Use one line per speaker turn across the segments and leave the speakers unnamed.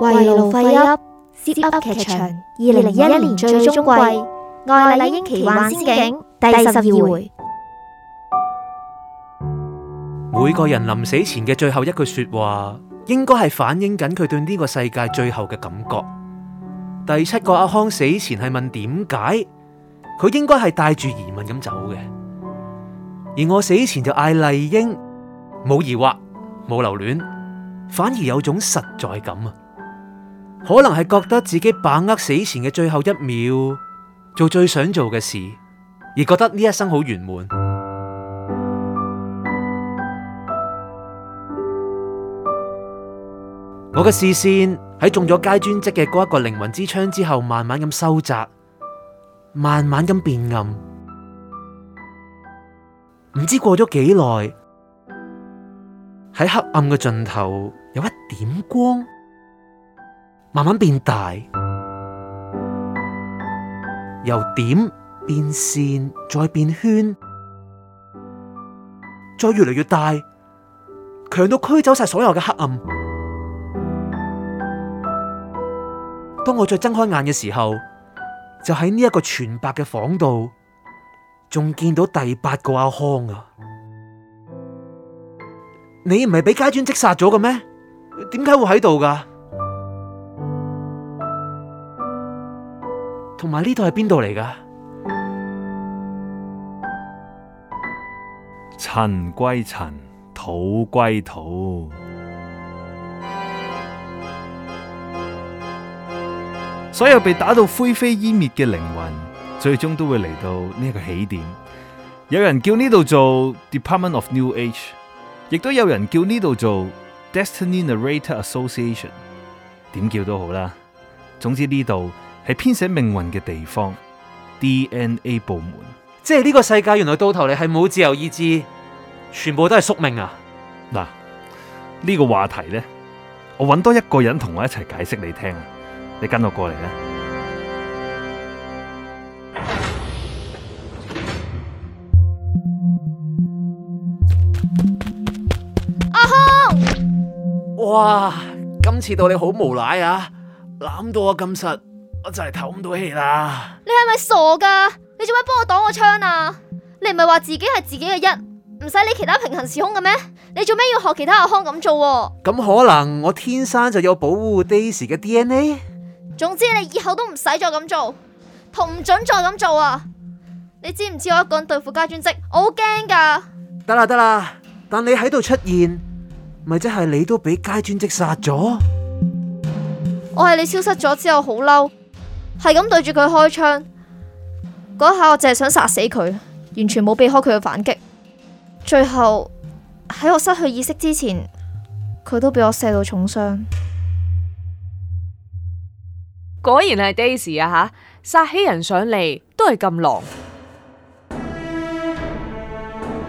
為路廢泣，Zip 噏 ip 劇場二零二一年最終季，
愛麗英奇幻仙境第十二回。
每個人臨死前嘅最後一句說話，應該係反映緊佢對呢個世界最後嘅感覺。第七個阿康死前係問點解，佢應該係帶住疑問咁走嘅。而我死前就嗌麗英冇疑惑，冇留戀，反而有種實在感啊！可能係覺得自己把握死前嘅最後一秒做最想做嘅事，而覺得呢一生好圓滿。嗯、我嘅視線喺中咗街磚積嘅嗰一個靈魂之窗之後，慢慢咁收窄，慢慢咁變暗。唔知過咗幾耐，喺黑暗嘅盡頭有一點光。慢慢變大，由點變線，再變圈，再越來越大，強到驅走晒所有嘅黑暗。當我再睜開眼嘅時候，就喺呢個全白嘅房度，仲見到第八個阿康啊！你唔係畀街磚擊殺咗嘅咩？點解會喺度㗎？同埋呢度係邊度嚟噶
塵歸塵，土歸土。所有被打到灰飛煙滅嘅靈魂，最終都會嚟到呢個起點。有人叫呢度做 Department of New Age，亦都有人叫呢度做 Destiny Narrator Association。點叫都好啦，總之呢度。係編寫命運嘅地方，DNA 部門，即係呢個世界，原來到頭你係冇自由意志，全部都係宿命啊！嗱，呢、呢個話題咧，我搵多一個人同我一齊解釋你聽啊！你跟我過嚟啦！
阿康！
啊！哇！今次到你好無賴啊，攬到我咁實。我真係唞唔到氣啦！
你係咪傻噶？你做咩幫我擋我槍啊？你唔係話自己係自己嘅一，唔使理其他平行時空嘅咩？你做咩要學其他阿康咁做？
咁可能我天生就有保護 Daisy 嘅 DNA。
總之你以後都唔使再咁做，同唔准再咁做啊！你知唔知我一個人對付街專職，我好驚噶！
得啦得啦，但你喺度出現，咪即係你都俾街專職殺咗？
我係你消失咗之後好嬲。係咁對住佢開槍嗰下，我淨係想殺死佢，完全冇避開佢嘅反擊。最後喺我失去意識之前，佢都俾我射到重傷。
果然係 Daisy 啊吓，殺起人上嚟都係咁狼。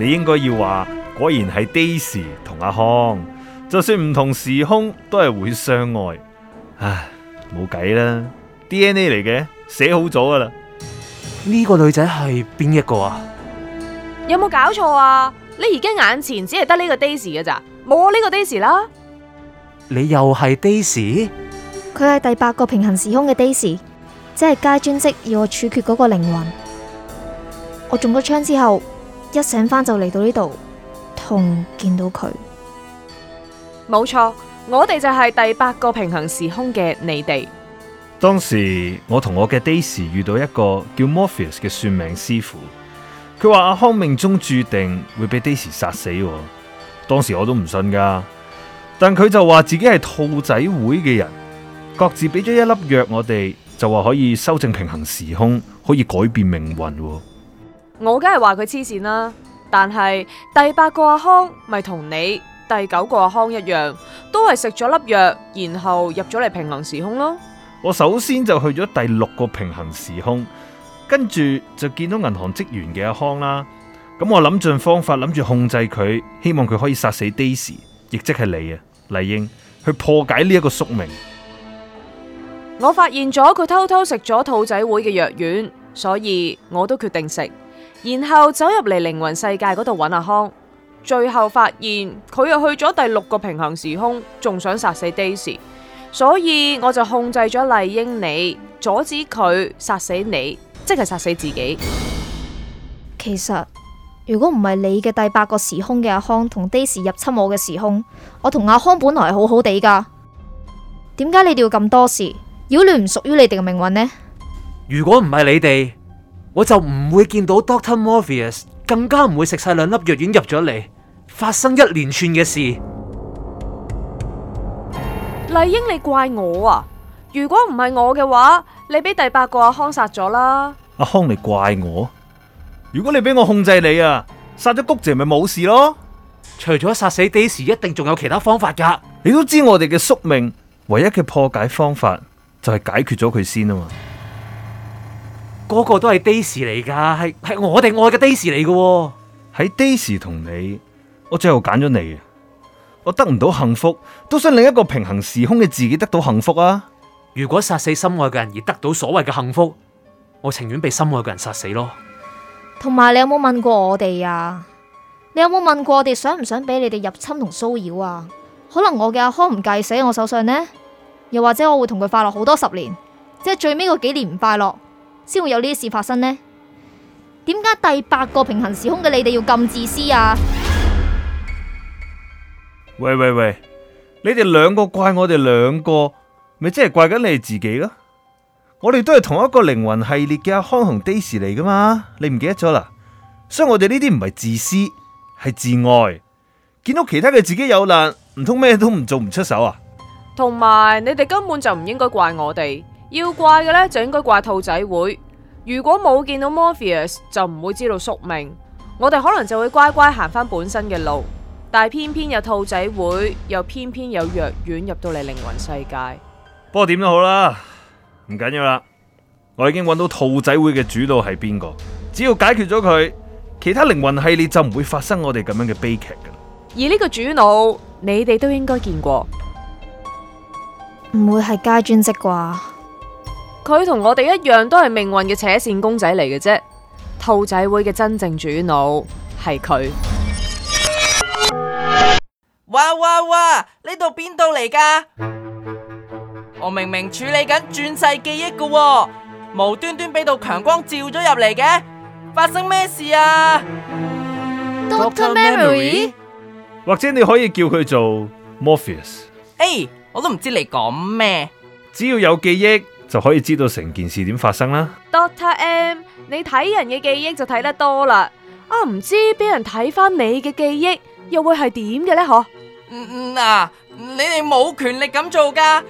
你應該要話，果然係 Daisy 同阿康，就算唔同時空，都係會相愛。唉，冇計啦。DNA 嚟嘅，寫好咗噶啦。呢個女仔係邊一個啊？
有冇搞錯啊？你而家眼前只係得呢個 Daisy 嘅咋？冇我呢個 Daisy 啦。
你又係 Daisy？
佢係第八個平行時空嘅 Daisy，即係街專職要我處決嗰個靈魂。我中咗槍之後，一醒翻就嚟到呢度，同見到佢。
冇錯，我哋就係第八個平行時空嘅你哋。當
時我同我嘅 Daisy 遇到一個叫 Morpheus 嘅算命師傅，佢話阿康命中注定會被 Daisy 殺死。當時我都唔信噶，但佢就話自己係兔仔會嘅人，各自俾咗一粒藥，我哋就話可以修正平衡時空，可以改變命運。
我梗係話佢黐線啦，但係第八個阿康咪同你第九個阿康一樣，都係食咗粒藥，然後入咗嚟平衡時空咯。我首先
就去咗第六個平衡時空，跟住就見到銀行職員嘅阿康啦。咁我諗盡方法，諗住控制佢，希望佢可以殺死 Daisy，亦即係你啊麗英，去破解呢一個宿命。
我發現咗佢偷偷食咗兔仔會嘅藥丸，所以我都決定食。然後走入嚟靈魂世界嗰度揾阿康，最後發現佢又去咗第六個平衡時空，仲想殺死 Daisy。所以我就控制咗麗英你，阻止佢殺死你，即係殺死自己。其
實如果唔係你嘅第八個時空嘅阿康同 Daisy 入侵我嘅時空，我同阿康本來好好地噶。點解你哋要咁多事擾亂唔屬於你哋嘅命運呢？
如果唔係你哋，我就唔會見到 Doctor Morpheus，更加唔會食晒兩粒藥丸入咗嚟，發生一連串嘅事。
麗英，你怪我啊！如果唔係我嘅話，你俾第八個阿康殺咗啦。
阿康，你怪我？如果你俾我控制你啊，殺咗谷姐咪冇事咯。除咗殺死 Daisy 一定仲有其他方法噶。你都知我哋嘅宿命，唯一嘅破解方法就係解決咗佢先啊嘛。個個都係 Daisy 嚟噶，係係我哋愛嘅 Daisy 嚟嘅。喺 Daisy 同你，我最後揀咗你啊。我得唔到幸福，都想另一個平行時空嘅自己得到幸福啊！如果殺死心愛嘅人
而得到所謂嘅幸福，我情願被心愛嘅人殺死咯。
同埋，你有冇問過我哋啊？你有冇問過我哋想唔想俾你哋入侵同騷擾啊？可能我嘅阿康唔計死喺我手上呢？又或者我會同佢快樂好多十年，即係最尾嗰幾年唔快樂，先會有呢啲事發生呢？點解第八個平行時空嘅你哋要咁自私啊？
喂喂喂，你哋兩個怪我哋兩個，咪即係怪緊你哋自己咯？我哋都係同一個靈魂系列嘅阿康同 Daisy 嚟噶嘛？你唔記得咗啦？所以我哋呢啲唔係自私，係自愛。見到其他嘅自己有難，唔通咩都唔做唔出手啊？
同埋你哋根本就唔應該怪我哋，要怪嘅呢，就應該怪兔仔會。如果冇見到 Morpheus 就唔會知道宿命，我哋可能就會乖乖行翻本身嘅路。但偏偏有兔仔會，又偏偏有藥丸入到你靈魂世界。
不過點都好啦，唔緊要啦，我已經揾到兔仔會嘅主腦係邊個，只要解決咗佢，其他靈魂系列就唔會發生我哋咁樣嘅悲劇㗎啦。
而呢個主腦，你哋都應該見過，唔會係加專職啩？佢同我哋一樣都係命運嘅扯線公仔嚟嘅啫。兔仔會嘅真正主腦係佢。哇哇哇！呢度邊度嚟噶？我明明處理緊轉世記憶噶，無端端俾道強光照咗入嚟嘅，發生咩事啊
？Doctor Memory，
或者你可以叫佢做 Morpheus。誒，我都唔知你講咩。只要有記憶就可以知道成件事點發生啦。
Doctor M，你睇人嘅記憶就睇得多啦。啊，唔知俾人睇翻你嘅記憶又會係點嘅呢？嗬？嗯嗯嗱、啊，你哋冇權力咁做噶，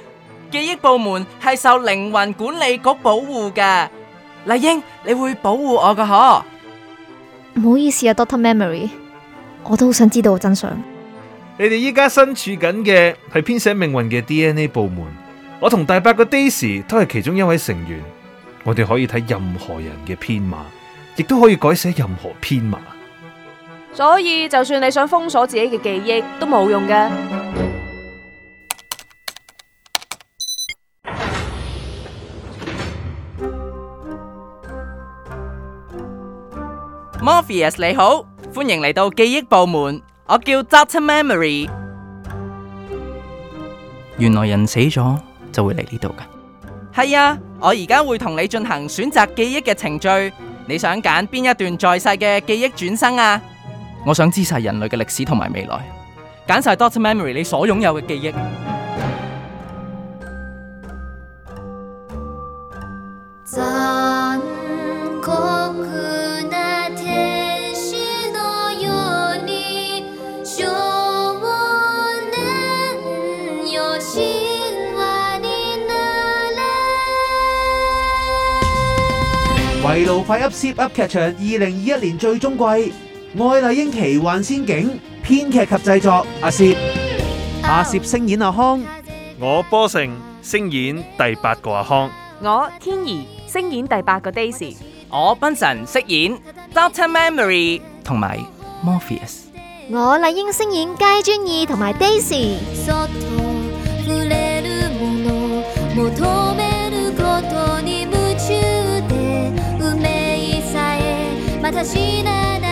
記憶部門係受靈魂管理局保護嘅。麗英，你會
保護我噶嗬？唔好意思啊，Doctor Memory，我都好想知道真相。
你哋依家身處緊嘅係編寫命運嘅 DNA 部門，我同第八個 Daisy 都係其中一位成員，我哋可以睇任何人嘅編碼，亦都可以改寫任何編碼。
所以，就算你想封鎖自己嘅記憶，都冇用嘅。Morpheus 你好，歡迎嚟到記憶部門。我叫 Doctor Memory。原來
人死咗就會嚟呢度噶。
係啊，我而家會同你進行選擇記憶嘅程序。你想揀邊一段在世嘅記憶轉生啊？我想知晒人類嘅歷史同埋未來，揀晒 Dot Memory 你所
擁有嘅記憶。
為勞快
Zip 噏劇場二零二一年最終季。愛麗英奇幻仙境編劇及製作阿攝，
阿攝、oh. 聲演阿康，我波成聲演第八個阿康，
我天兒聲演第八個 Daisy，我賓神飾演 Doctor Memory 同埋 Morpheus，我麗英聲演佳專二同埋
Daisy。